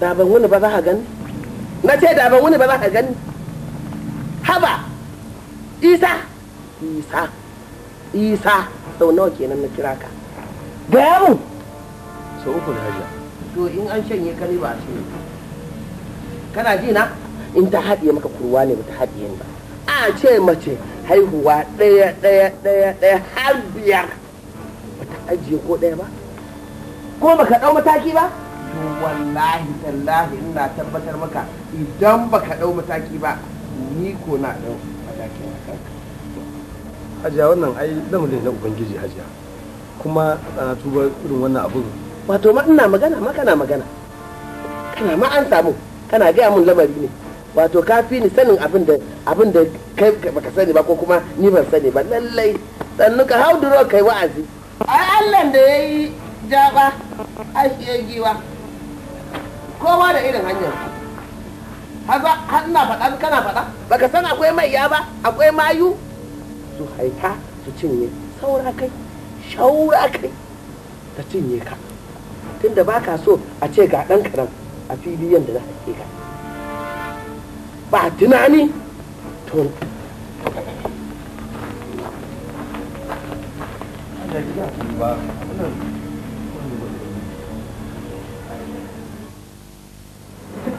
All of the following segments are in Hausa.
da ban wani ba za ka gani na ce da ban wani ba za ka gani haba isa isa isa sau nawa kenan na kira ka ga yaro sau uku da hajiya to in an shanye kare ba su ne kana ji na in ta haɗiye maka kurwa ne ba ta haɗiye ba a ce mace haihuwa ɗaya ɗaya ɗaya ɗaya har biyar ba ta ajiye ko ɗaya ba ko baka ɗau mataki ba to wallahi tallahi ina tabbatar maka idan baka dau mataki ba ni ko na dau mataki a kanka hajiya wannan ai lamarin na ubangiji hajiya kuma ana tuba irin wannan abun wato ma ina magana ma kana magana kana ma an samu kana gaya mun lamari ne wato ka fi ni sanin abin da abin da kai baka sani ba ko kuma ni ban sani ba lallai sannu ka hau duro kai wa'azi ai Allah da yayi jaba ai giwa kowa da irin hanyar har na faɗa kana faɗa baka san akwai mai ya ba akwai mayu su haika su cinye saura kai shaura kai ta cinye ka tunda ka so a ce ga ɗan karan a fili yadda za a ke ka ba tunani to Thank you.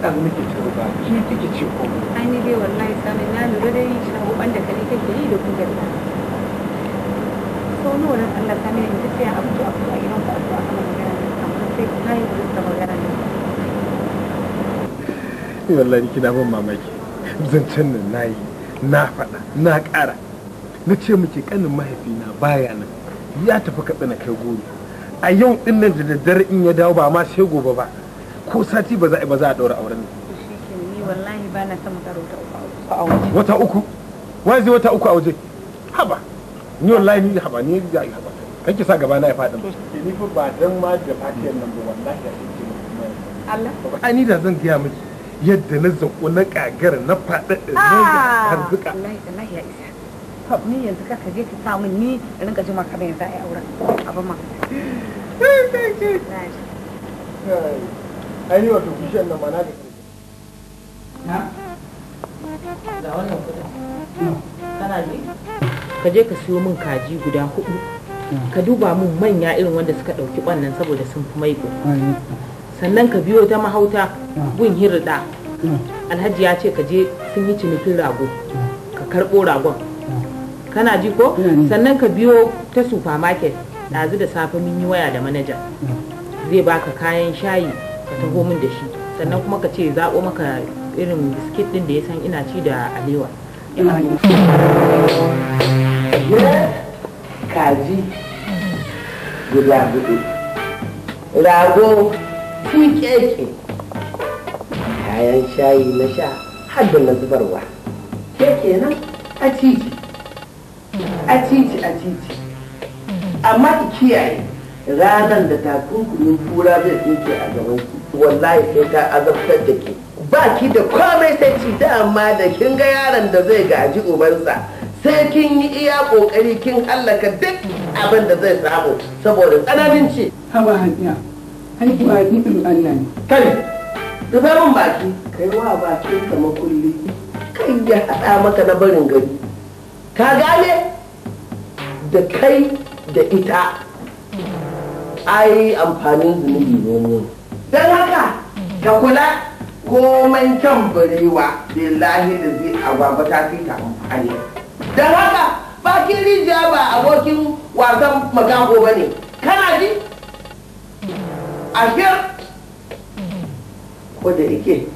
da ga muke cewa ba ki take ce ko ai ni dai wallahi sani na lura dai shagoban da kare kake yi da kuka da so nawa ran Allah sani in tafi a abu abu a gidan ku abu aka magana amma sai ka yi da magana ne wallahi kina ban mamaki zancen nan nayi na faɗa na ƙara na ce muke kanin mahaifina baya nan ya tafi katsina kai goro a yau ɗin nan da daddare in ya dawo ba ma sai gobe ba ko sati ba za a ba daura auren ni wallahi ba na son magana wata uku wata uku wai zai wata uku a waje haba ni wallahi ni haba ni yi haba kan ki sa gaba na ya fadin ni fa ba dan ma da fatiyar nan ba wallahi da kike Allah ai ni da zan gaya miki yadda na zako na kagara na fadada na har ah! harzuka wallahi wallahi ya isa ni yanzu ka kaje ka sa min ni rinka jima kamar yanzu a yi auren abin ma Thank you. ka je ka siyo min kaji guda hudu ka duba min manya irin wanda suka ɗauki bannan saboda sun fi maiko sannan ka biyo ta mahauta ah. gun hirda ah. alhaji ya ce ka je sun yi cinikin rago ah. ka karɓo ragon kana ji ko sannan ka biyo ta supermarket ɗazu da safe mun yi waya da manaja zai baka kayan shayi ka taho min da shi sannan kuma ka ce zaɓo maka irin biskit ɗin da ya san ina ci da alewa kaji guda gudu rago keke kayan shayi na sha har da na zubarwa ke nan a titi a titi a titi amma ki kiyaye ranar da takunkumin kura zai tsinke a gaban wallahi sai ta azabtar da ke ba ki da komai sai ci da amma da kin ga yaron da zai gaji ubansa sai kin yi iya kokari kin hallaka duk abin da zai samu saboda tsananin ci haba hanya ai ba ni Allah ne kai da zamun baki kai wa baki ka makulli kai ya hada maka na barin gari ka gane da kai da ita ai amfanin zunubi ne don haka ka kula komai kyan burewa lillahi da zai agwagwa ta fi ta hanya don haka bakin rijiya ba abokin wasan magango ba ne kana ji ashir ko da ike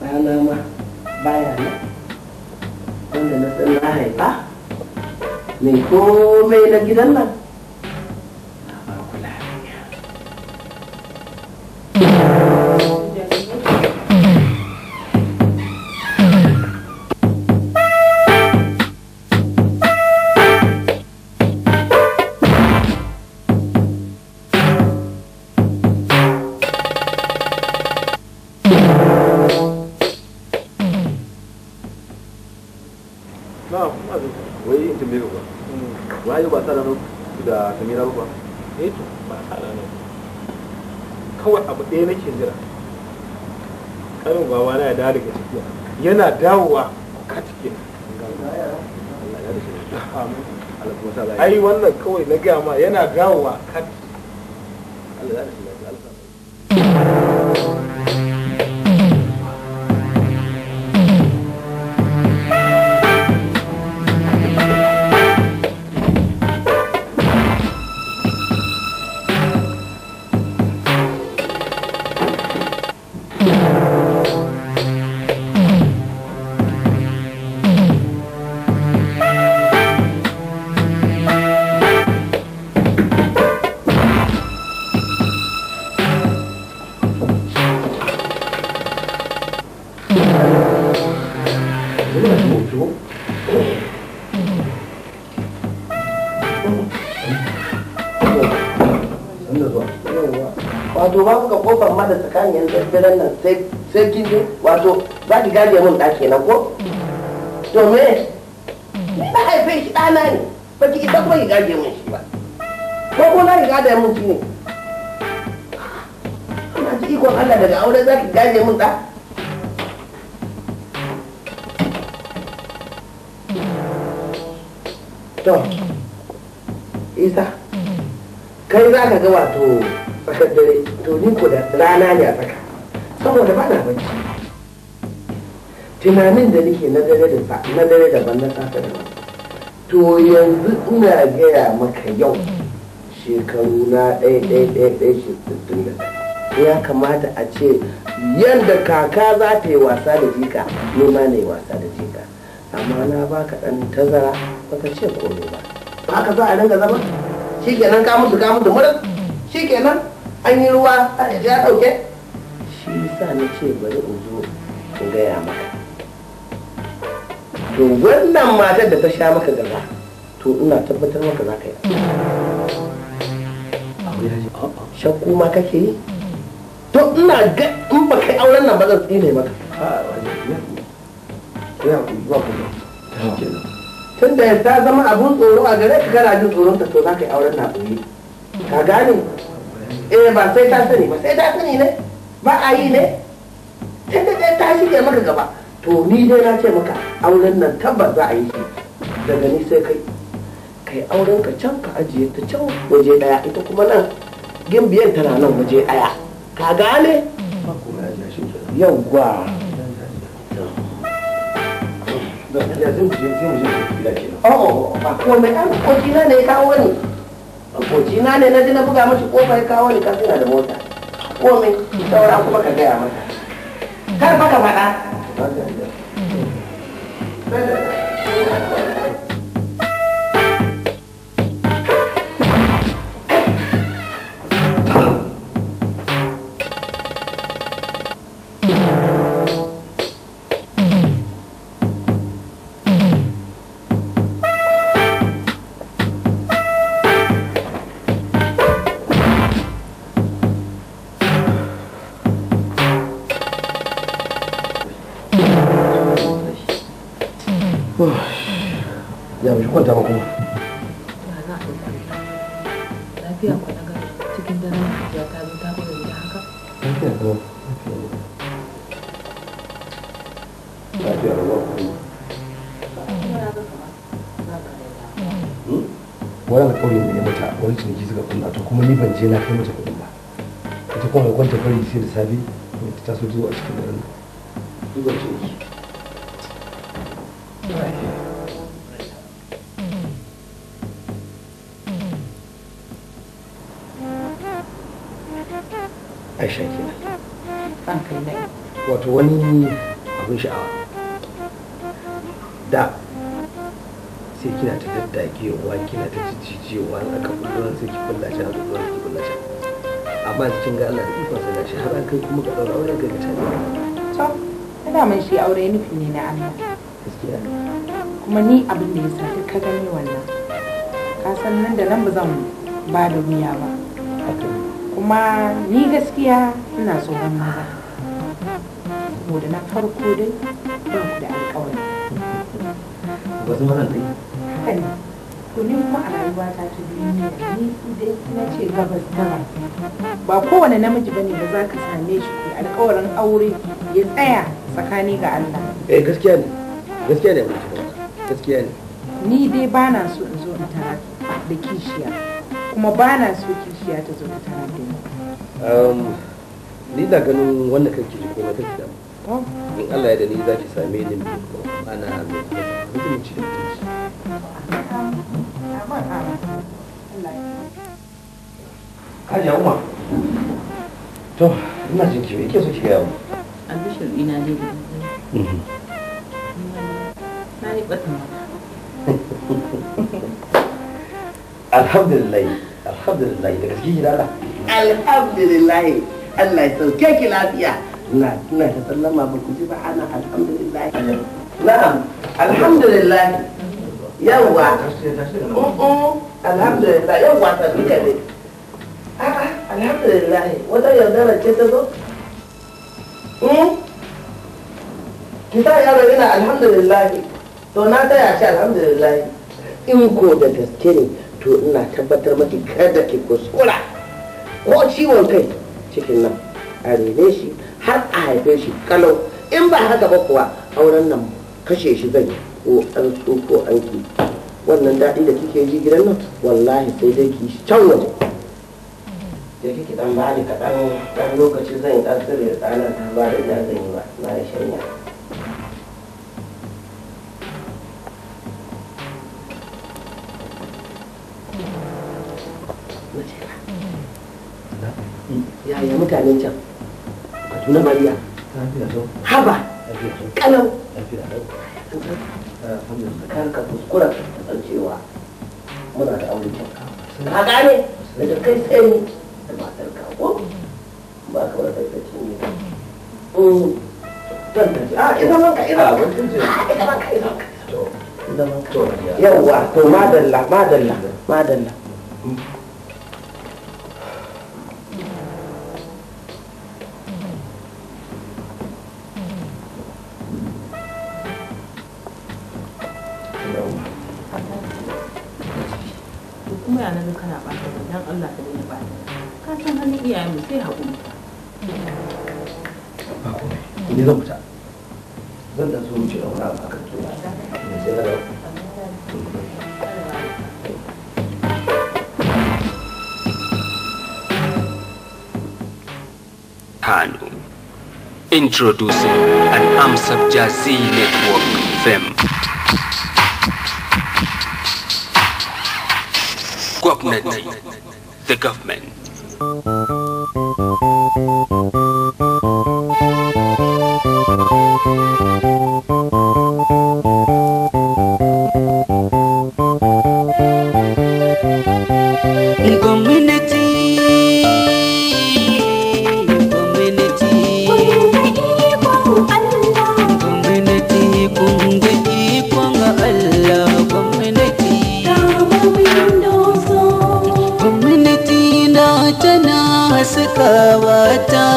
rana ma baya na wanda na san na haifa mai komai na gidan nan yana dawowa ka cike ai wannan kawai na gama yana dawowa ka cike kenan nan sai kin je wato za ki gaje mun da kenan ko to me ni na haife shi ɗana ne ba ki ita kuma ki gaje mun shi ba ko ko na ki gaje mun shi ne ina ji ikon Allah daga aure za ki gaje mun da to isa kai za ka ga wato tsakar dare to ni ko da rana ne a tsaka saboda ba na bacci tunanin da nake na dare daban na safe daban to yanzu ina gaya maka yau shekaru na ɗaya ɗaya ɗaya ɗaya shekaru da ya kamata a ce yadda kaka za ta yi wasa da jika ne wasa da jika amma na ka ɗan tazara ka ce komai ba ba ka za a dinga zama kenan ka mutu ka mutu murin kenan an yi ruwa a ya ɗauke sa na ce bari in zo in gaya maka to wannan matar da ta sha maka gaba to ina tabbatar maka za ka yi shakku ma kake yi to ina ga in ba kai auren nan ba zan tsine maka tun da ta zama abun tsoro a gare ka kana jin tsoron ta to za ka yi auren na ka gane eh ba sai ta sani ba sai ta sani ne ba a yi ne tunda dai ta shige maka gaba to ni dai na ce maka auren nan tabbas za a yi shi daga ni sai kai kai auren ka can ka ajiye ta can waje daya ita kuma nan ta na nan waje daya ka gane yawwa Oh, ba komai ɗan ne ya kawo ni. Kocina ne na ji na buga mashi kofar kawo ni kafin da mota. komai saura kuma ka gaya mata kar baka faɗa kwanta ba kuma ta ta hmm? wani da ƙauyen da ya mata wani ciniki suka kunna to kuma ni ban je na kai mata kuɗin ba ita kuma mai kwanta fari sai da safe ta taso zuwa cikin ciniki aisha nan ɗan kai wato wani abin sha'awa da sai kina ta daddagewa kina ta jijjijewa na kabulan sai ki kullace har zuwa ki kullace amma cikin ga Allah da ikon sa gashi har an kai kuma ga ɗaura auren gaga ne to ina mai shi aure nufi ne na Allah gaskiya kuma ni abin da sa duk ka gani wannan ka san nan da nan ba zan ba da wuya ba kuma ni gaskiya ina tsoron maza da na farko dai ba ku da alƙawari ba su mazan dai ne kuma a rayuwa ta ta da ni dai na ce gabas gaba. ba kowane namiji ba ne da za ka same shi ku alƙawarin aure ya tsaya tsakani ga Allah eh gaskiya ne gaskiya ne gaskiya ne ni dai ba na so in zo in tara da kishiya kuma ba na so ki kishiya ta zo ta tarar da ni na ganin wanda kan kiji kuma ta kida oh. in Allah ya da ni za ki same ni mai ana mai mutunci da mutunci Hajiya Umar, to ina jin kiwo yake so ki gaya mu. Albishir ina ne guda. Mhm. Na ni batun Alhamdulillah. alhamdulillah daga cikin gida Allah alhamdulillah Allah ya sauke ki lafiya na tuna ta sallama ba ku ji ba ana alhamdulillah na'am alhamdulillah yawwa alhamdulillah yawa ta duka ne alhamdulillah wata yaudara ce ta zo hmm? ki sa yaro yana alhamdulillah to na taya shi alhamdulillah in ko da gaske ne to ina tabbatar maki kada ki kuskura ko ciwon kai cikin nan a rene shi har a haife shi kalau in ba haka ba kuwa auren nan kashe shi zan ko an ko an ki wannan daɗi da kike ji gidan nan wallahi sai dai ki can waje da kike dan bani kaɗan ɗan lokaci zan yi ɗan tsire da ɗanar ta ba da ina zan yi ba na da shanya mutanen can Kaduna Mariya haba kalau eh, eh, kan ka kuskura cewa muna da aure ka gane da kai tsaye da matar ka ko ba ka wata ta ce ne mm. a ah, ina ina ah, ah, ina ina to madalla madalla madalla mm. Introducing an AMSAP Jazzy Network FM. Gwapnet, the government.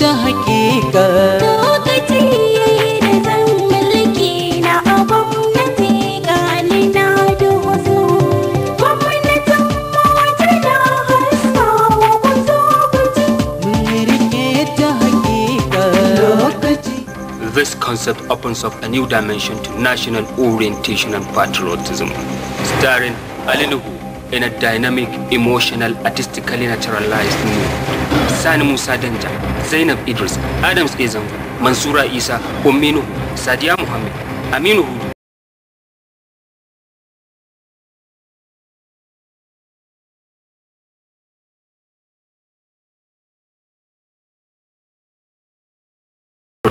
This concept opens up a new dimension to national orientation and patriotism, starring Alinuhu in a dynamic, emotional, artistically naturalized mood. Sani Musa Danja, Zainab Idris, Adams Ezango, Mansura Isa, Umminu, Sadiya Muhammad, Aminu Hudu,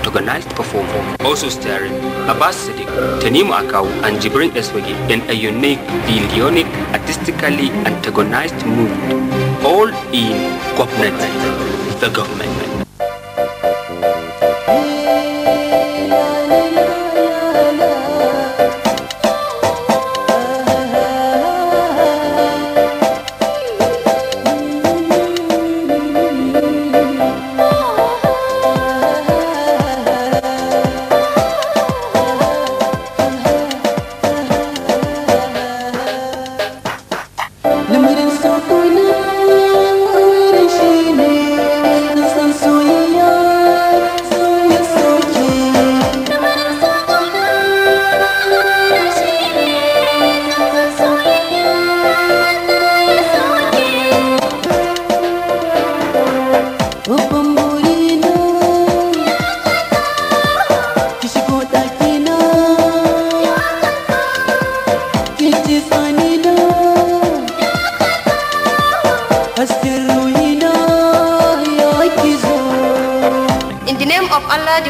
Organized performer. Also starring Abbas Siddiq, tanimu Akau, and Jibrin Eswagi in a unique, billionic, artistically antagonized mood. all in cooperating the government.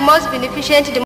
most beneficent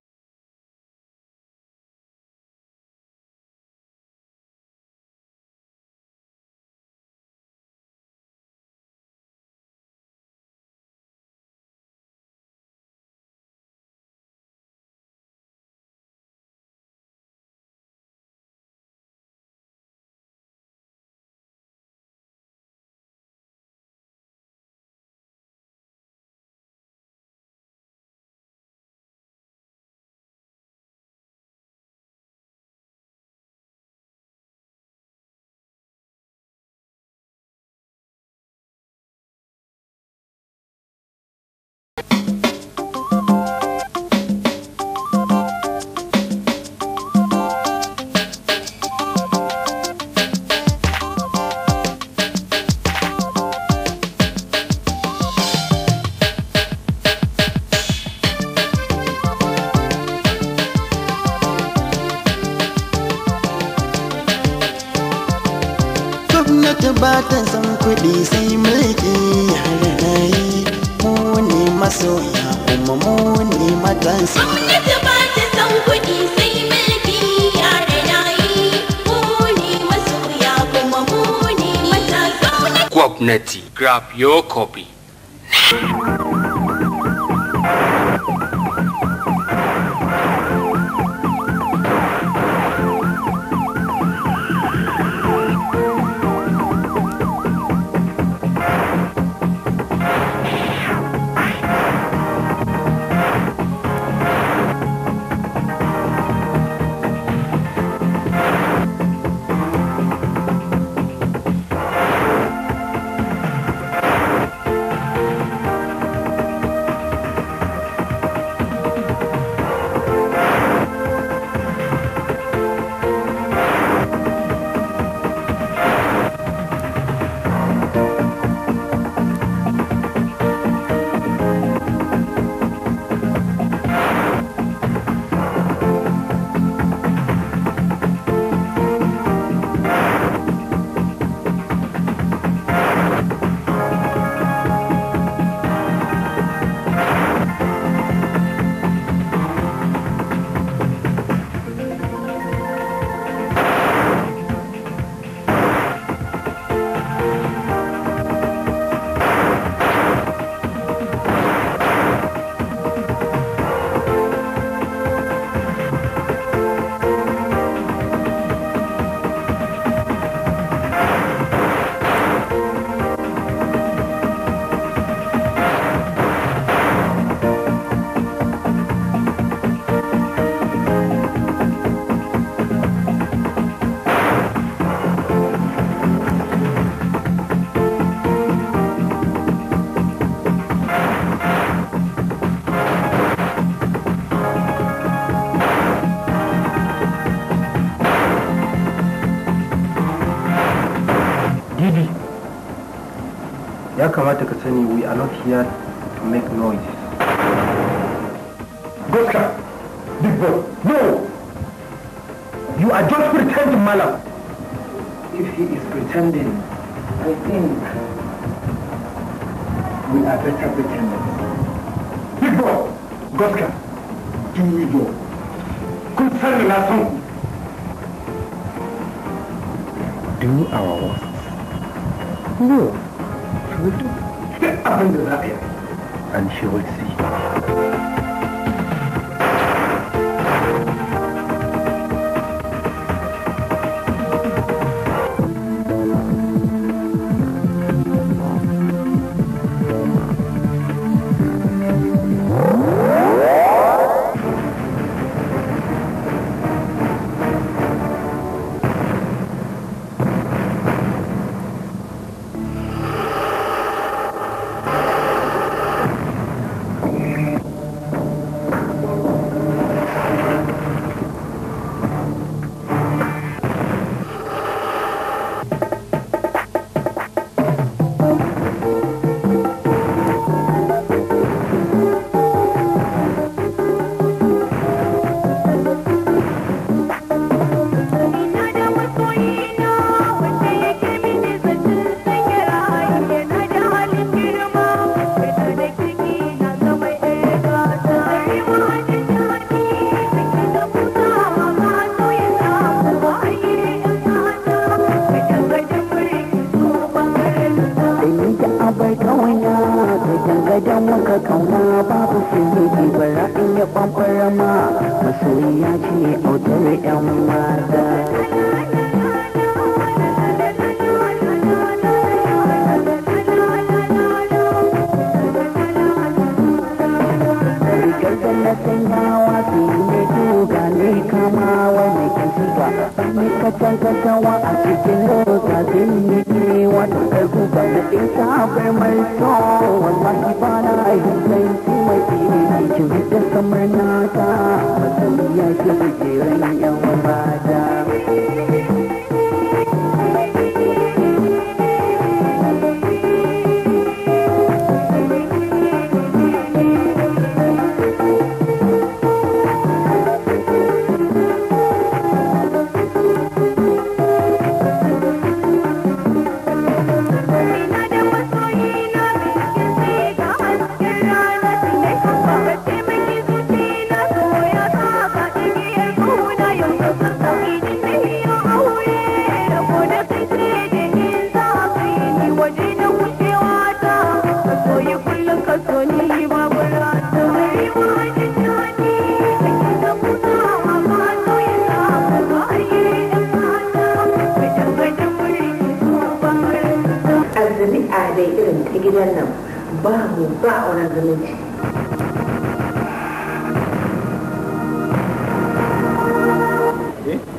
kamata ka sani we are not here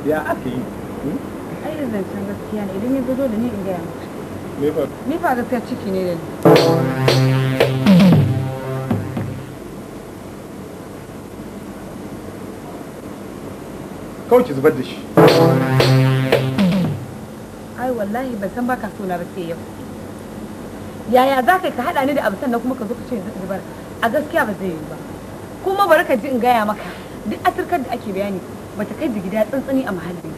ya aka yi hmm? ai da zancen gaskiya ne idan ya zo da ni in gaya maka ni fa gaskiya ciki ne da ni kawai ki zubar da shi ai wallahi ban san baka sona ba sai yau yaya za ka haɗa ni da abu sannan kuma ka zo ka ce zubar a gaskiya ba zai yi ba kuma bari ka ji in gaya maka duk asirkar da ake bayani ba ta kai jigida tsantsani a muhalli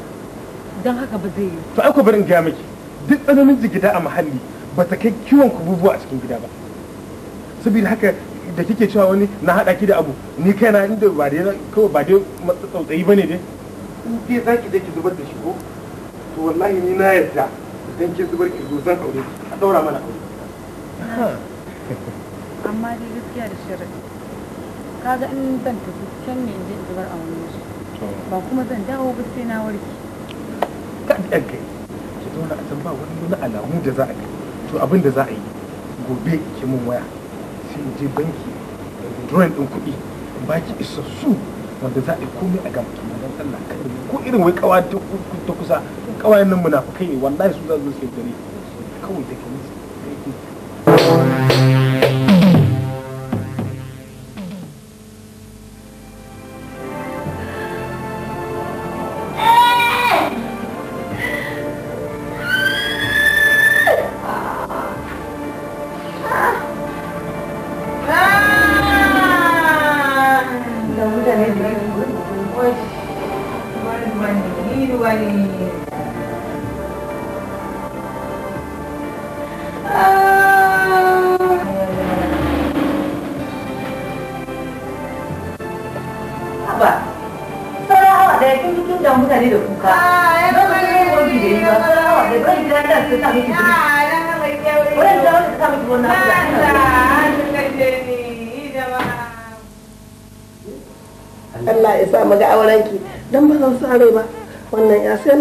don haka ba zai yi to ai ku barin gaya miki duk tsananin jigida a muhalli ba ta kai kiwon ku bubuwa a cikin gida ba saboda haka da kike cewa wani na hada ki da abu ni kaina inda ba dai kawai ba dai matsautsayi bane dai in dai zaki da ki zubar da shi ko to wallahi ni na yarda idan ki zubar ki zo zan aure a daura mana aure amma dai gaskiya da shirin kaga in ban tafi can ne in je zubar a wani ba kuma zan dawo ba sai na warke kaɗan kai ki zauna a can ba wani wani alamu da za a kai to abin da za a yi gobe ki mun waya sai in je banki da drawing ɗin kuɗi in baki isassu wanda za a yi komai a gama kuma don Allah kada ko irin wai kawa ta kusa kawayen nan muna munafukai ne wallahi su za su sai dare kawai da kamar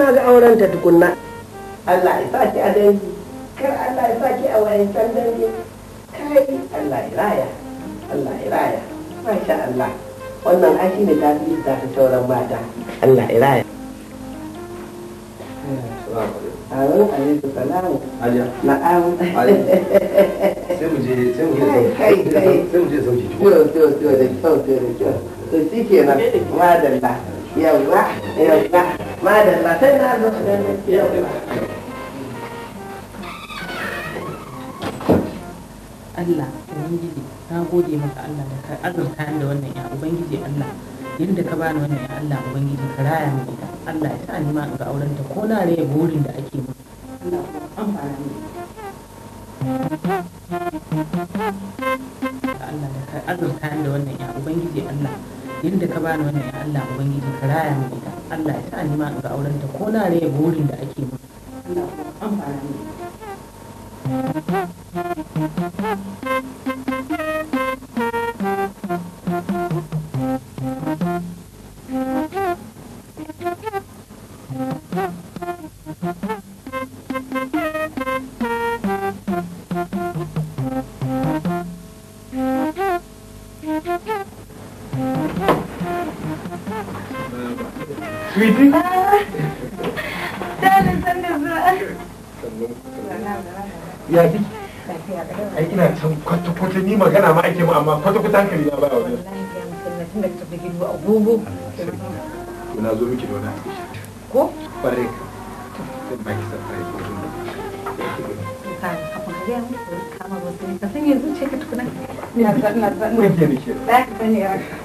na ga auren ta tukunna Allah ya saki a dangi kar Allah ya saki a wayan can dangi kai Allah ya raya Allah ya raya masha Allah wannan aiki ne ta fi ta fi tauran mata Allah ya raya Amin alaikum salamu. Aja. Na'am. Sai mu je sai mu je sai mu je sai mu je. Tiyo tiyo tiyo da kyau tiyo da kyau. To shi kenan madalla. yawwa yawwa madalla sai na zo yawwa Allah Ubangiji na gode maka Allah da ka azurta ni da wannan ya Ubangiji Allah yadda ka bani wannan ya Allah Ubangiji ka raya ni ita Allah ya sa ni ma ga auren ta ko na rage burin da ake mu Allah amfana ni Allah da ka azurta ni da wannan ya Ubangiji Allah yadda ka bani wannan ya Allah ubangiji ka raya mu ita Allah ya sa ni ga auren ta ko na raye burin da ake mu Allah amfana Miydi? Sen de sen de bırak. Ya bi. Ai ina can kwata kwata ni magana ma ake amma kwata kwata hankali na ba wajen. Na zo miki da wani Ko? Bare. Zan baki surprise mutum da. Kama Sen ne, ka sanya ne ka tukuna. Ina Ne ina ne Ina zaɗa, ina zaɗa.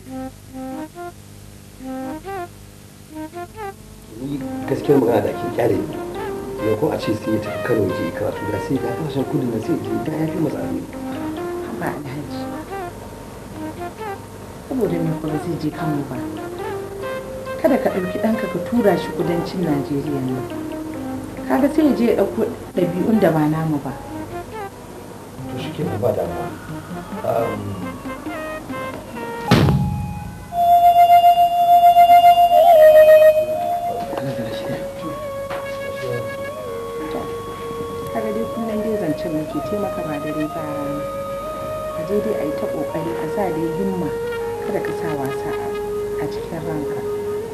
gaskiyar magana da ake kyale ne ko a ce sai ya tafi kano je karatu da sai ya fashin kudin da sai ya da ya fi masa abin amma alhaji saboda me kuma zai je kano ba kada ka ɗauki ɗanka ka tura shi kudancin najeriya nan kaga sai ya je ya ɗauko ɗabi'un da ba namu ba to shi ke ba damuwa ce maka ba dare ba a daidai a yi ta ƙoƙari ka sa dai himma kada ka sa wasa a cikin ranka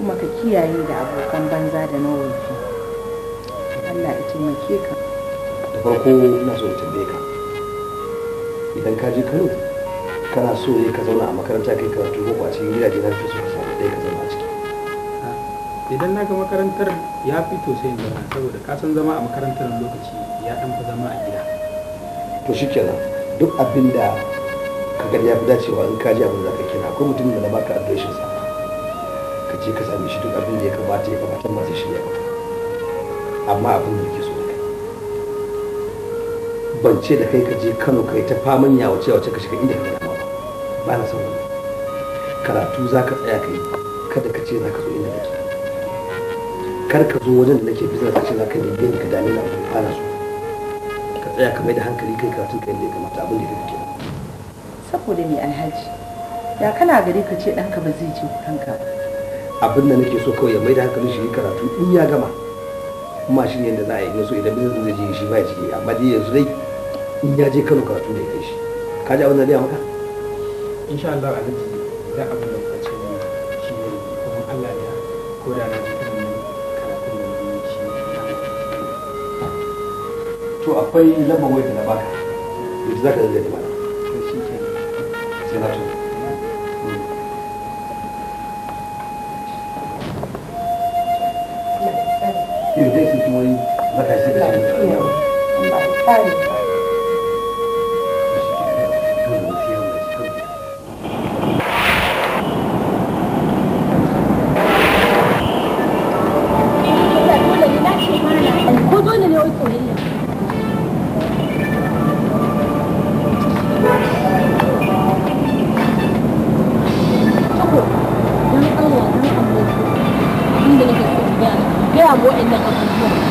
kuma ka kiyaye da abokan banza da na wofi Allah ya taimake ka da farko ina so tambaye ka idan ka je Kano kana so ne ka zauna a makaranta kai karatu ko a cikin gidaje na fi so ka samu ɗaya ka zama a ciki idan na ga makarantar ya fito sai in saboda ka san zama a makarantar lokaci ya dan fi zama a gida to kenan duk abin da ka gani ya fi dacewa in ka ji abin da ka kira ko mutum da na baka adireshin sa ka ce ka sami shi duk abin da ya kamata ya kamata masu shirya ba amma abin da ke so ban ce da kai ka je kano kai ta faman yawace wace ka shiga inda ka dama ba ba na son wani. karatu za ka tsaya ka yi kada ka ce za ka zo inda ke. kar ka zo wajen da nake bizar ka ce za ka nemi ka dame na ba na so tsaya ka mai da hankali kai karatun ka yadda ya kamata abin da ya fi saboda mai alhaji ya kana gari ka ce ɗanka ba zai je kanka abin da nake so kawai ya mai da hankali shi karatu in ya gama kuma shi ne da za a yi so idan bizin zai je shi ba ciki amma dai yanzu dai in ya je kano karatu da ya kai shi ka ji abin da ya maka insha Allah alhaji idan abin to akwai lambar da na baka zai da sai na to kuma yi zaka shi da shi. ne wai soyayya gaya mu waɗannan abubuwan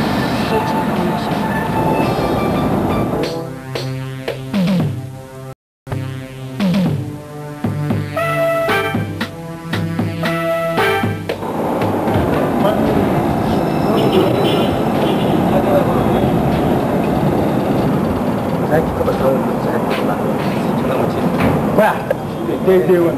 ko ce daidai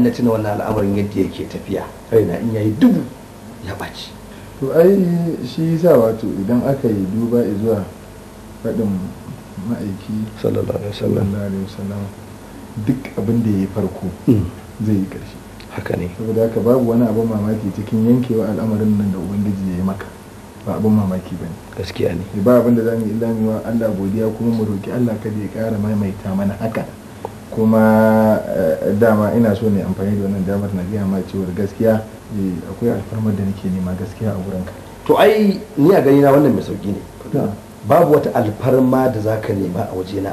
in na tuna wannan al'amarin yadda yake tafiya raina in yayi dubu ya ɓaci to ai shi yasa wato idan aka yi duba zuwa faɗin ma'aiki sallallahu alaihi wasallam duk abin da ya yi farko mm. zai yi ƙarshe haka ne saboda haka babu wani abin mamaki cikin yankewa al'amarin nan da ubangiji ya yi maka ba abin mamaki ba ne gaskiya ne ba abin da za mu yi illa Allah godiya kuma mu roki Allah kada ya ƙara maimaita mana haka kuma eh, dama ina so ne amfani da wannan damar na gaya ma cewar gaskiya eh, akwai alfarmar da nake nema gaskiya a wurinka to ai ni a gani na wannan mai sauki ne babu wata alfarma da zaka nema a waje na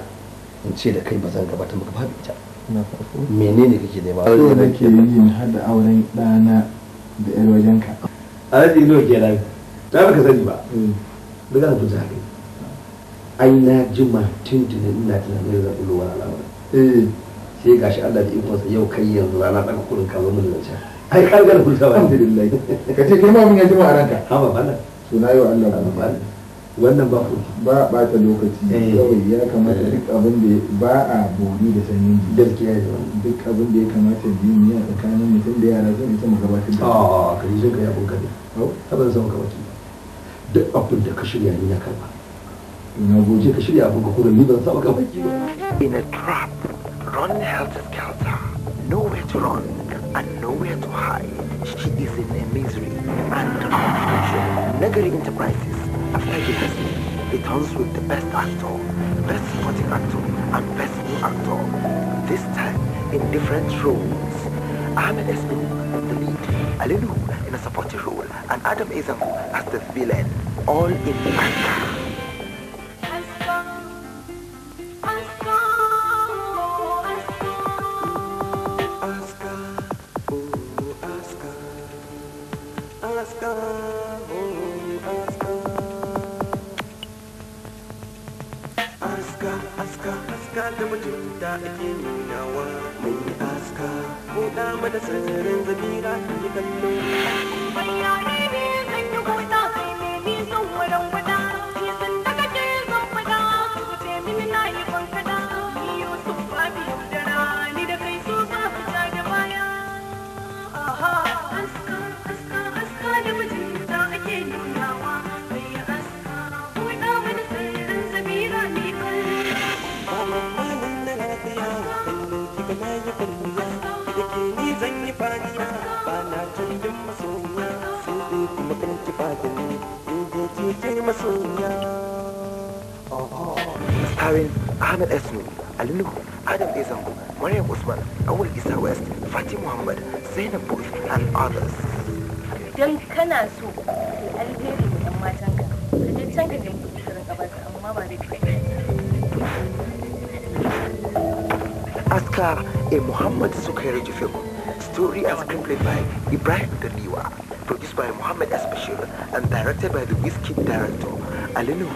in ce da kai ba zan gabata maka babu ita menene kake nema so da ke yin hada auren dana da yar wajenka alaji zo ke nan ta baka sani ba da eh. za ku zaka ai na jima tun tuntunin ina tunanin zan bulo wani al'amarin Eh, sai gashi Allah da ikon sa yau kai yanzu rana ɗaga kurin ka zo mun zance ai ƙarƙar kulta ba alhamdulillah ka ce kai ma mun yaji ma ranka ha ba bana suna yau Allah ba wannan ba ba ba ta lokaci eh. kawai ya kamata eh. duk abin da ba a bori da sanyin ji gaskiya ne duk abin da ya kamata ji ne a tsakanin mutum da yara zan ita mu gabatar da a kai zai ga yabon ka ne saboda zan ka wakili duk abin da ka shirya ni ya karba in a trap run helter skelter nowhere to run and nowhere to hide she is in a misery and confusion Negri enterprises after the festival returns with the best actor best supporting actor and best new actor this time in different roles Ahmed Esmin the lead Alilu in a supporting role and Adam Ezangu as the villain all in Accra ake nunawa mun yi aska buɗa mata sararin zabira ta yi kallo kundin masoya sai dai kuma kan ki ba da ni daidai ke Ahmed Esnu, Alinu, Adam Ezango, Maryam Usman, Awul Isa West, Fatih Muhammad, Zainab Bush, and others. Idan kana so, alheri ne ɗan matanka, ka je can ka nemi kusurin gabata amma ba da kai. Askar a Muhammad Sukhairi Jufeku. Story as screenplay by Ibrahim Daniwa, produced by Mohamed S. and directed by the Whiskey director, Alinu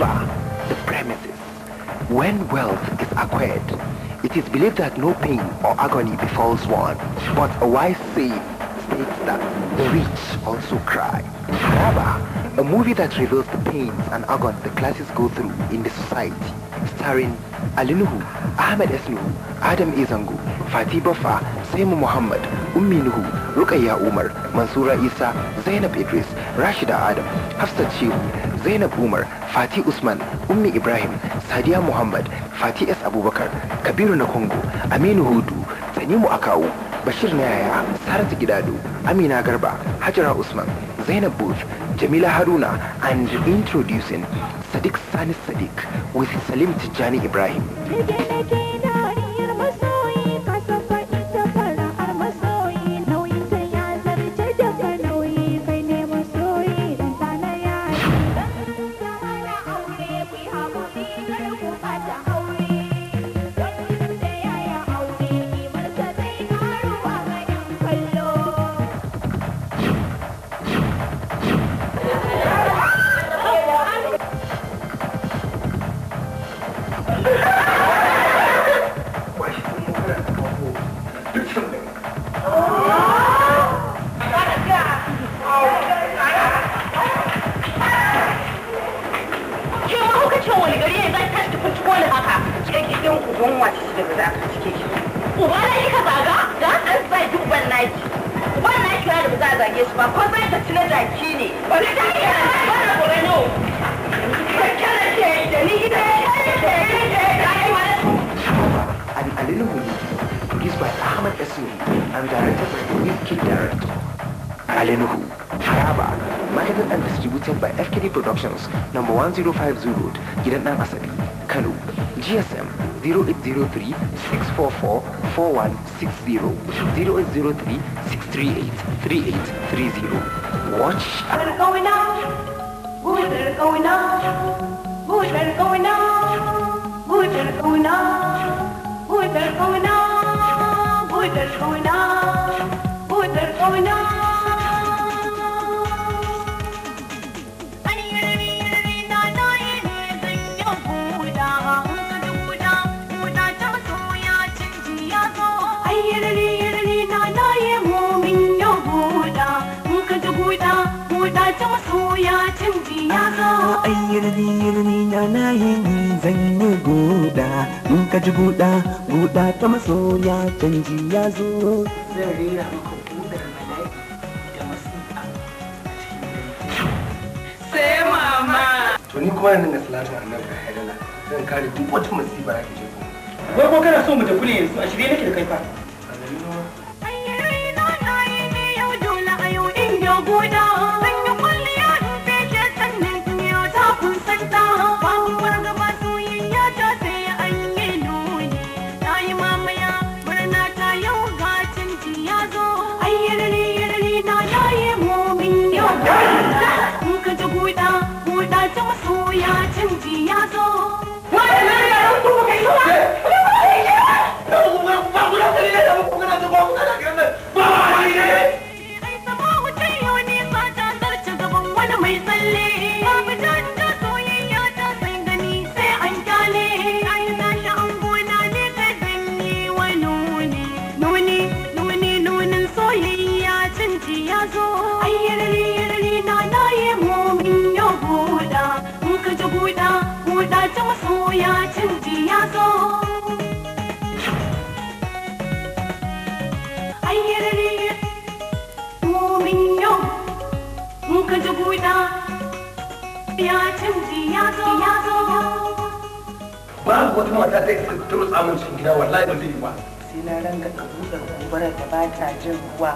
the premises, when wealth is acquired, it is believed that no pain or agony befalls one, but a wise saying states that the rich also cry. However, a movie that reveals the pains and agony the classes go through in the society, starring Alinuhu, Ahmed Esnuhu, Adam Izangu, Fatih Bafa, Saimu Muhammad, Ummi Nuhu, Rukaya Umar, Mansura Isa, Zainab Idris, Rashida Adam, Hafsat Shehu, zainab umar fati usman ummi ibrahim sadiya muhammad fati s abubakar kabiru na kongo aminu hudu Sanimu akawu bashir na yaya saratu gidado amina garba hajara usman zainab bush jamila haruna and introducing sadiq sani sadiq with salim tijjani ibrahim 0508 gidan dan asabi gsm 0803 644 4160 0803 638 3830 watch we're going out we're going out we're going out we're going out we're going out we're going out we're going out ayyarni yarni yana yin zan yi guda in ka ji guda guda ta masoya canji ya zo zan rera maka gudar mala'i da masuka sai mama to ni kuma nan ga salatin annabi da haidala zan kare duk wata masifa da kake ko ko kana so mu tafi ne yanzu a shirye nake da kai fa ayyarni na na yi ne yau dole ayo yau in ya guda Kembali dah sama pengenang bangunan nak kena. Bawa balik wata mata ta ta rutsa mun cikin gida wallahi ba zai yi ba sai na ranga kabular gobarar da ba ta jin ruwa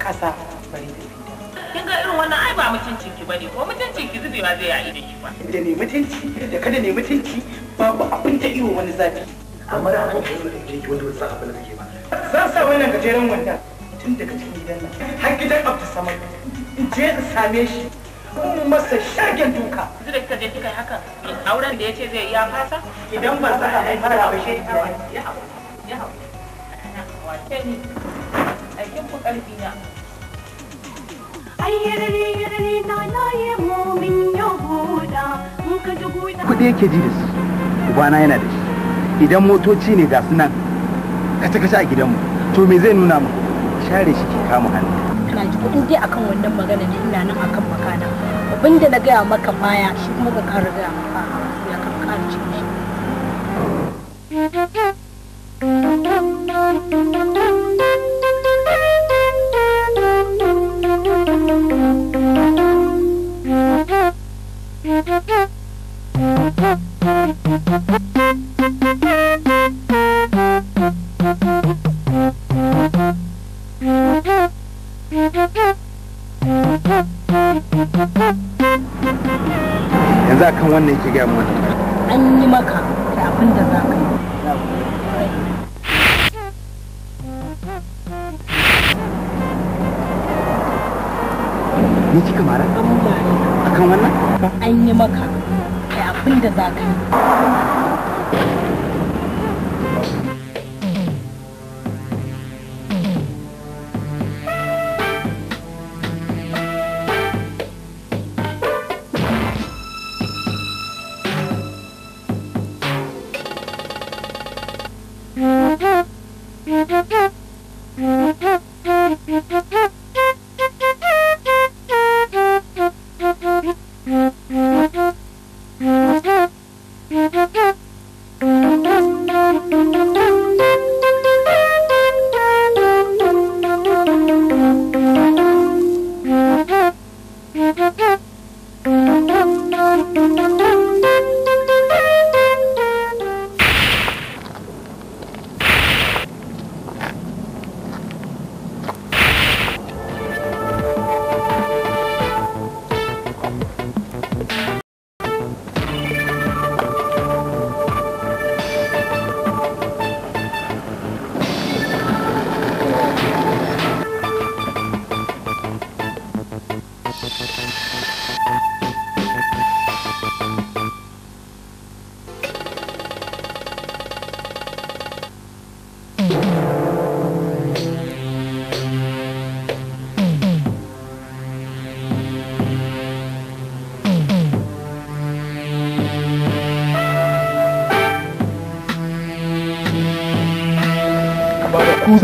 kasa bari da fita kin ga irin wannan ai ba mutuncin ki bane ko mutuncin ki zubewa zai yi da ki ba da ne mutunci da kada ne mutunci babu abin ta iya wani zafi amma da abin da zo da ki wanda wata abin da kake ba za zan sa wannan gajeren wanda tun daga cikin gidan nan har gidan Abdulsamad in je in same shi kun masa shagen duka yanzu da kika je kika yi haka auren da ya ce zai iya fasa idan ban saka mai yi fara ba shi ya hau ya hau wace ni aikin ku karfi na kudi yake ji da su ubana yana da shi idan motoci ne ga sunan kace-kace a gidanmu to me zai nuna mu share shi ke kama hannu na ji in dai akan wannan magana ne ina nan akan makana abin da na gaya maka baya shi kuma ka kara gaya maka ya kan kara ce shi Thank you. yanzu a kan wannan yake gaya mana an yi maka da abin da za ka yi ni kika mara? an wannan? an yi maka da abin da za ka yi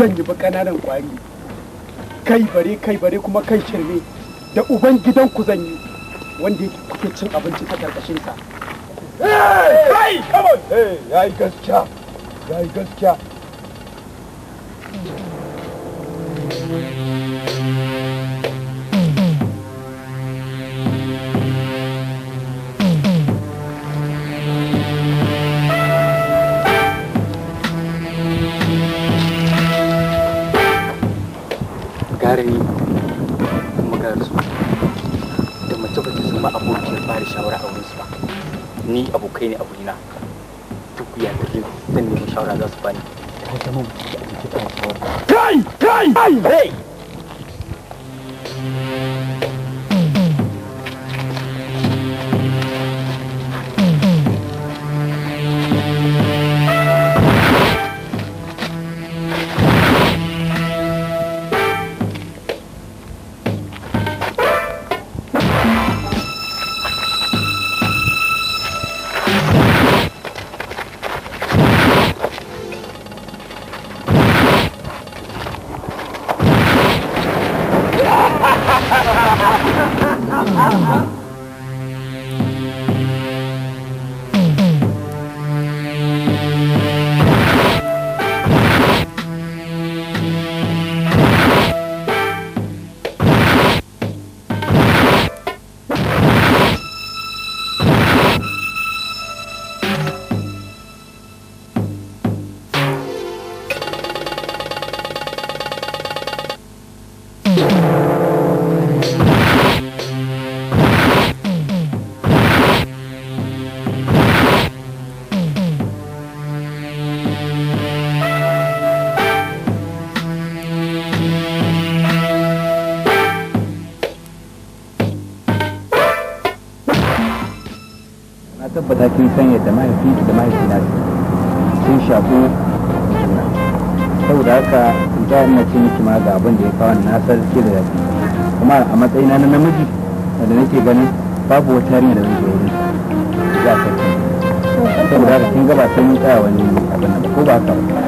zan yi ba ƙananan ƙwari kai bare kai bare kuma kai shirme da uban gidanku zan yi wanda kuke cin abinci ta karkashin sa. Hey! Hey! Come on! Hey! yayi gaskiya! Yayi gaskiya! sanya da mahaifi da mahaifina sun shafu saboda haka ta ina mace miki ma ga abin da ya kawo na sarki da yaki kuma a matsayina na namiji da nake ganin babu wata yarinya da zai je wurin za saboda haka kin gaba sai mun tsaya wani abin nan ko ba ka ba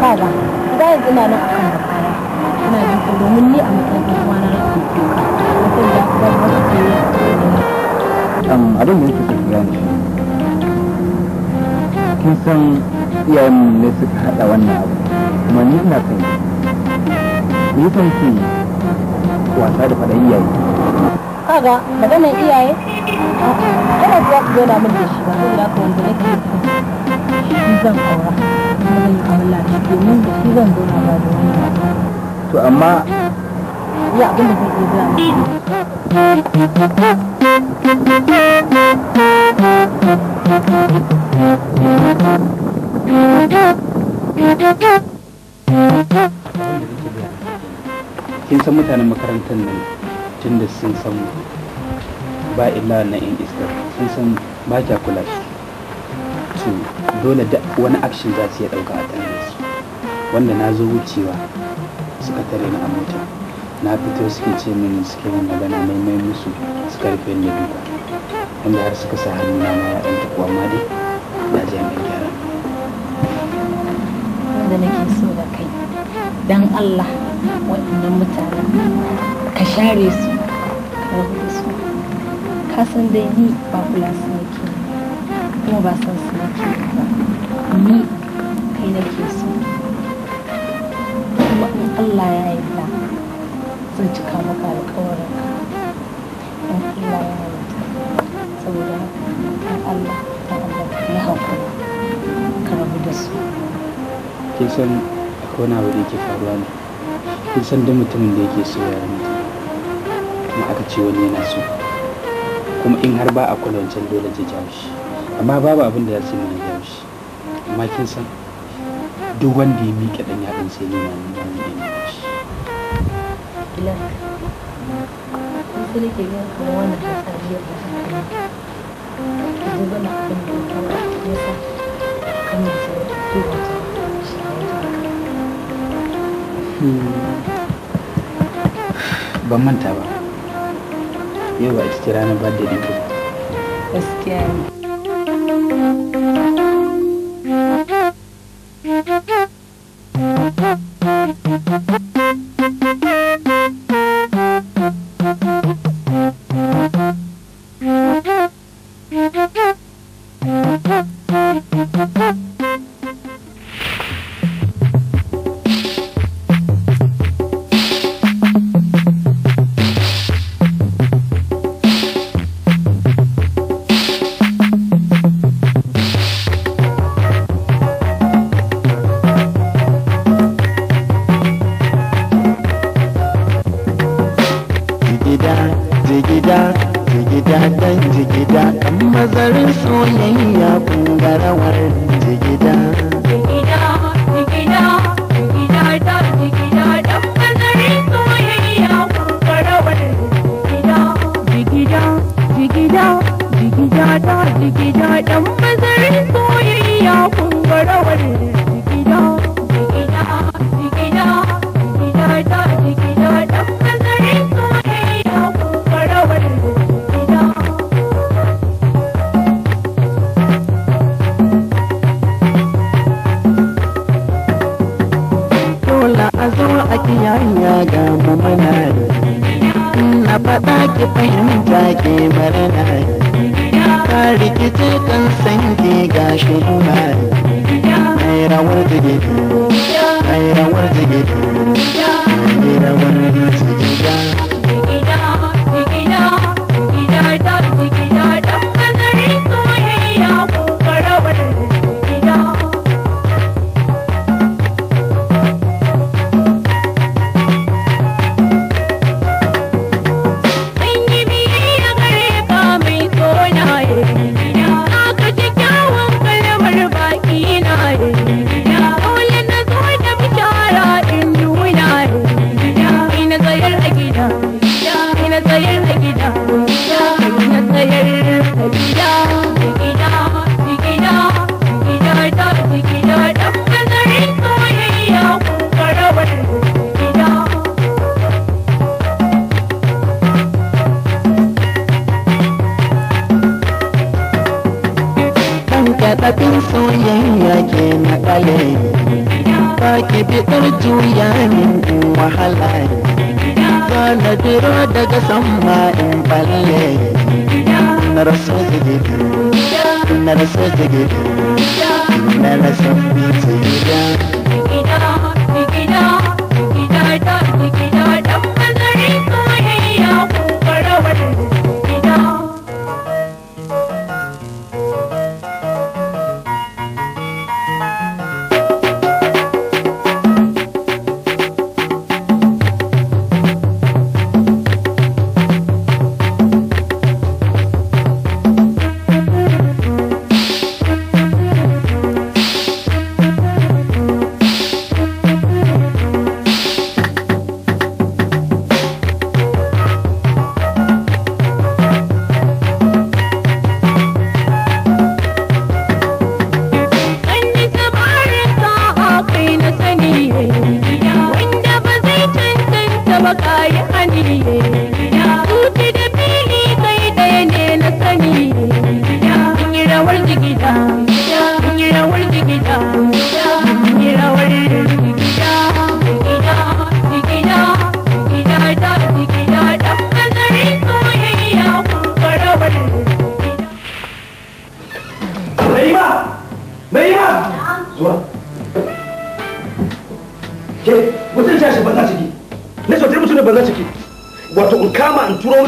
kaga da yanzu ina nan akan bakara ina jin ko domin ni a matsayin kuma na rasa kuka mutum da ba ba su ke abin da yake tafiya ne kin san iyayen ne suka hada wannan abu kuma ni ina san ni san ki wasa da faɗan iyaye kaga maganar iyaye kada ku ku zauna min da shi ba saboda ka wanda nake shi zan aura kuma zan yi amala domin da shi zan zauna ba da wani to amma ya abin da zai iya gaya maka kin san mutanen makarantar nan tun da sun san ba illa na in iskar sun san ba kya kula shi dole da wani action za su iya ɗauka a tare su wanda na zo wucewa suka tare ni a na fito suke ce mini suke yin magana mai mai musu suka rufe ni duka wanda har suka sa hannu na ma ya ɗan ma dai da nake so da kai dan Allah waɗannan mutanen ka share su ka rabu da su ka san dai ni ba kula su nake kuma ba san su nake ba ni kai nake so kuma in Allah ya yarda zan cika san akwai wani abu da yake faruwa ne kun san duk mutumin da yake so ya mutu kuma aka ce wani yana so kuma in har ba a kula wancan dole zai jawo shi amma babu abin da ya ce mana jawo shi amma kin san duk wanda ya miƙe ɗan yaɗin sai ne na nuna ne da miƙe shi. Ilak, nake yin kuma wannan ta sami ya fasa kai. Zai zama abin da ya kawo kamar Hmm. ban manta ba yau ba ita ranar birthday gaskiya ne kiyayya ga mu muna na faɗa ki fahimta ke marana ka rikice kan ki ga shi kuma ai rawar jige ai rawar jige ai rawar jige I said, dig it. Yeah. Man, that's something to you.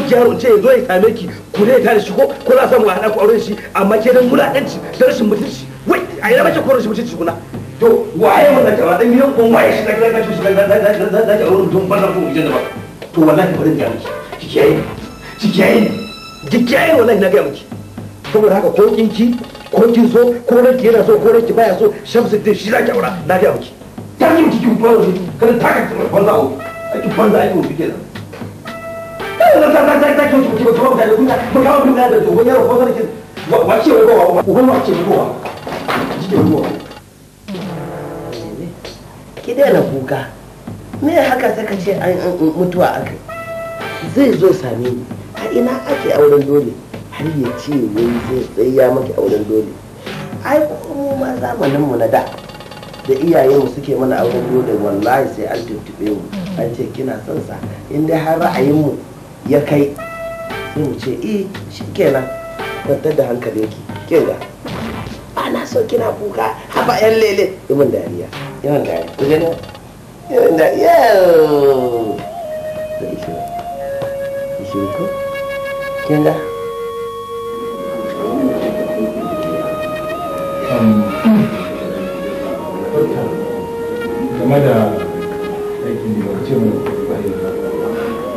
miki yaro ce zo ya same ki ku ne ta da shi ko ko za samu haɗa ku auren shi amma ke dan mulaƙanci da rashin mutunci wai a yi mace ko rashin mutunci kuna to waye mun da tara dan miyan kun waye shi da ga shi da da da da auren mutum ko ku gidan ba to wallahi bari ga miki kiyaye kiyaye kiyaye wallahi na ga miki saboda haka ko kinki ko kin so ko ranki yana so ko ranki baya so ko shi za ki aura na ga miki ta yi miki ki fara kada ta ka banza a ki banza a yi kenan ki daina kuka me haka saka ce an mutuwa aka zai zo same ni a ina ake auren dole har ya ce wani zai tsaya maki auren dole ai kuma ma zamanin mu na da da iyayenmu suke mana auren dole wallahi sai an tuntube mu an ce kina son sa in dai har ra'ayin mu ya kai sai mu ce eh shi kenan kwantar da hankalinki kin ga ba na so kina kuka haba yan lele yawan dariya yawan dariya ku gani yawan dariya da ishe ishe ko kin ga game da aikin da ce mu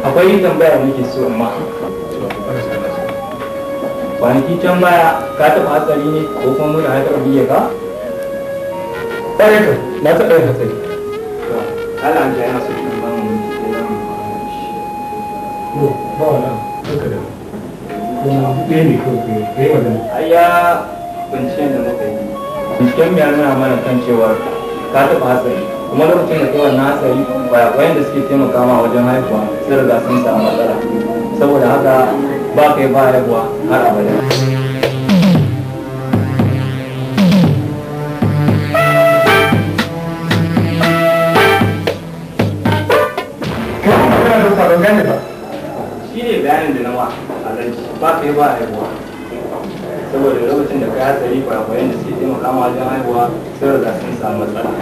akwai tambaya nake so amma kwanaki can baya ka taɓa hatsari ne ko kuma muna hatsar biye ka? ƙwarai ka na taɓa yin hatsari Allah ta yana so kuma ba mu mutu ko ba wala duka da kuma ɗaya ne kawai kai kai magana ai ya binciken da muka yi binciken ya nuna mana kan cewa ka taɓa hatsari kuma lokacin da kawai na hatsari bayan da suke taimaka ma wajen haihuwa sun riga sun samu matsala saboda haka ba kai ba haihuwa har abada shi bayanin da na ma alaji ba kai ba haihuwa saboda lokacin da kai hatsari ba bayan da suke taimaka ma wajen haihuwa sun riga sun samu matsala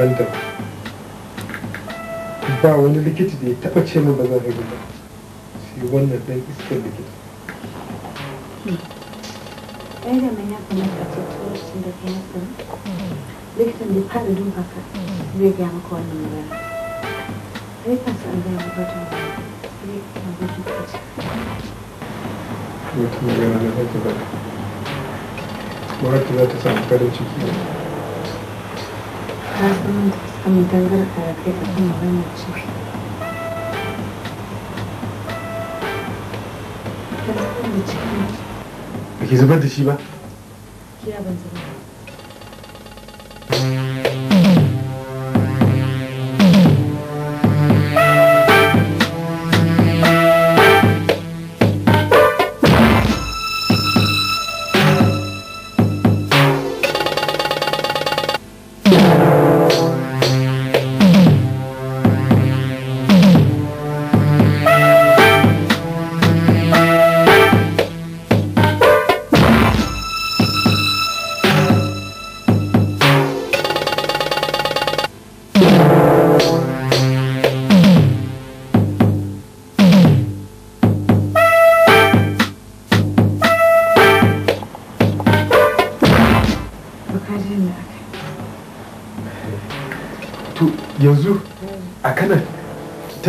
daban-daban ba wani likita da ya taba ce ba sai likita ɗaya da mai ya a cikin da nasa likitan da fara ka zai gaya maka wannan magana gaya maka ta ci wata magana na zai ta ba za ta karin ciki na san samun dangarka da kai akan ciki ba ki zubar da shi ba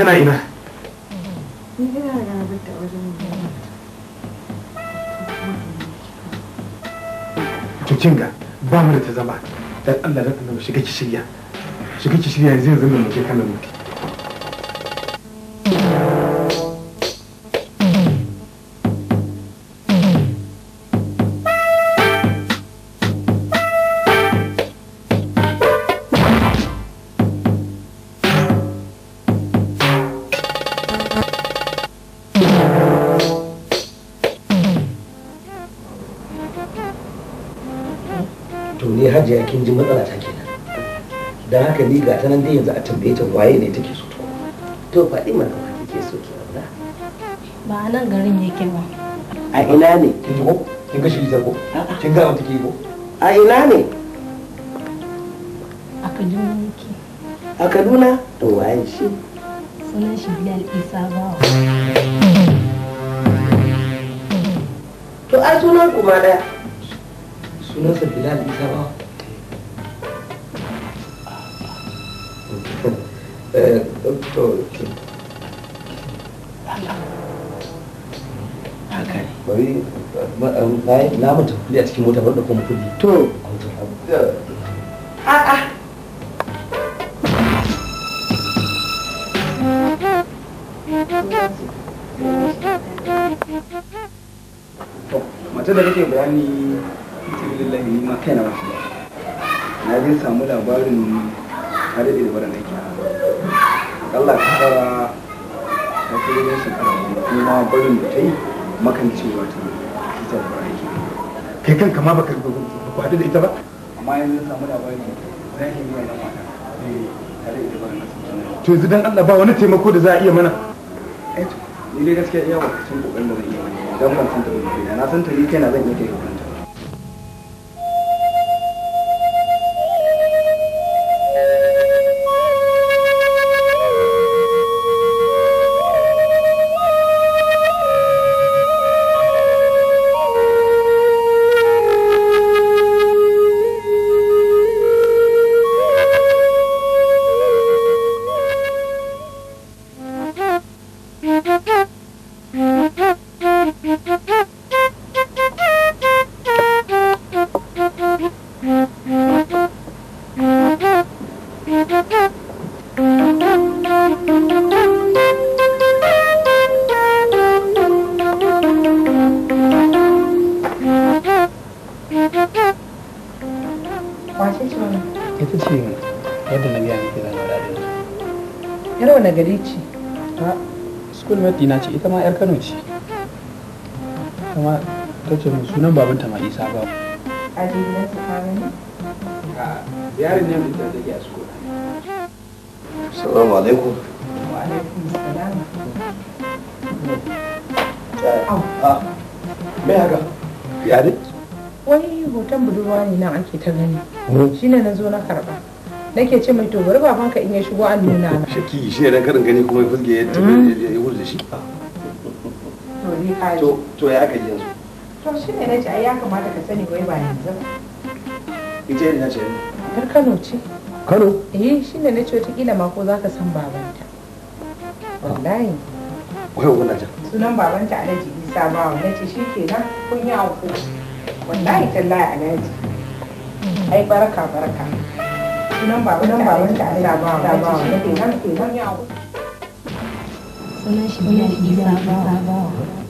tana ina to kinga ba mu da ta zama dan Allah da annabi shiga ki shirya shiga ki shirya yanzu yanzu mu je kana mutu kin ji matsala ta kenan dan haka ni ga ta nan dai yanzu a tambaye ta waye ne take so to to faɗi mana wa take so ki aura ba nan garin yake ba a ina ne kin ji ko kin ga shi ta ko kin ga wata ko a ina ne a Kaduna yake a Kaduna to waye shi sunan shi Bilal Isa Bawa to a sunan kuma da sunansa Bilal Isa Bawa ɗauke bari na a cikin mota wadda da take bayani ita lillahi ni ma kaina ba na samu labarin har da baran aiki kalla kasara ta fi wajen shekara kuma barin da ta yi makan cewa ta cutar ba aiki kai kanka ma baka kwadu da ita ba amma yanzu samu labari za ki biya na mata eh, to yanzu dan Allah ba wani taimako da za a iya mana eh ni dai gaskiya iya wakacin kokarin da zan iya dan ban san ta ba na san ta ni kaina zan iya kai ɗina ce ita ma 'yar kano ce kuma ta ce mu sunan babanta ma isa ba a jirgin su kawai ne yarin ne mutum da ke a suko salamu alaikum wa alaikum salam ah, me haka Yare? ne wani hoton budurwa ne nan ake ta gani hmm. shi ne na zo na karɓa nake ce mai to bari babanka in ya shigo an nuna na shaki shi ne karin gani kuma ya fulge ya tafi mm. ya hulda shi to to ya aka yanzu to shi ne nace ai ya kamata ka sani wai ba yanzu ita yadda nace har Kano ce Kano eh shi ne nace wata kila ma ko zaka san babanta ah. wallahi wai wannan ta sunan babanta Alhaji Isa Bawa nace shikenan kun yi auku wallahi tallahi Alhaji ai baraka baraka sunan baban nan baban ta da ba da ba da ke nan ke nan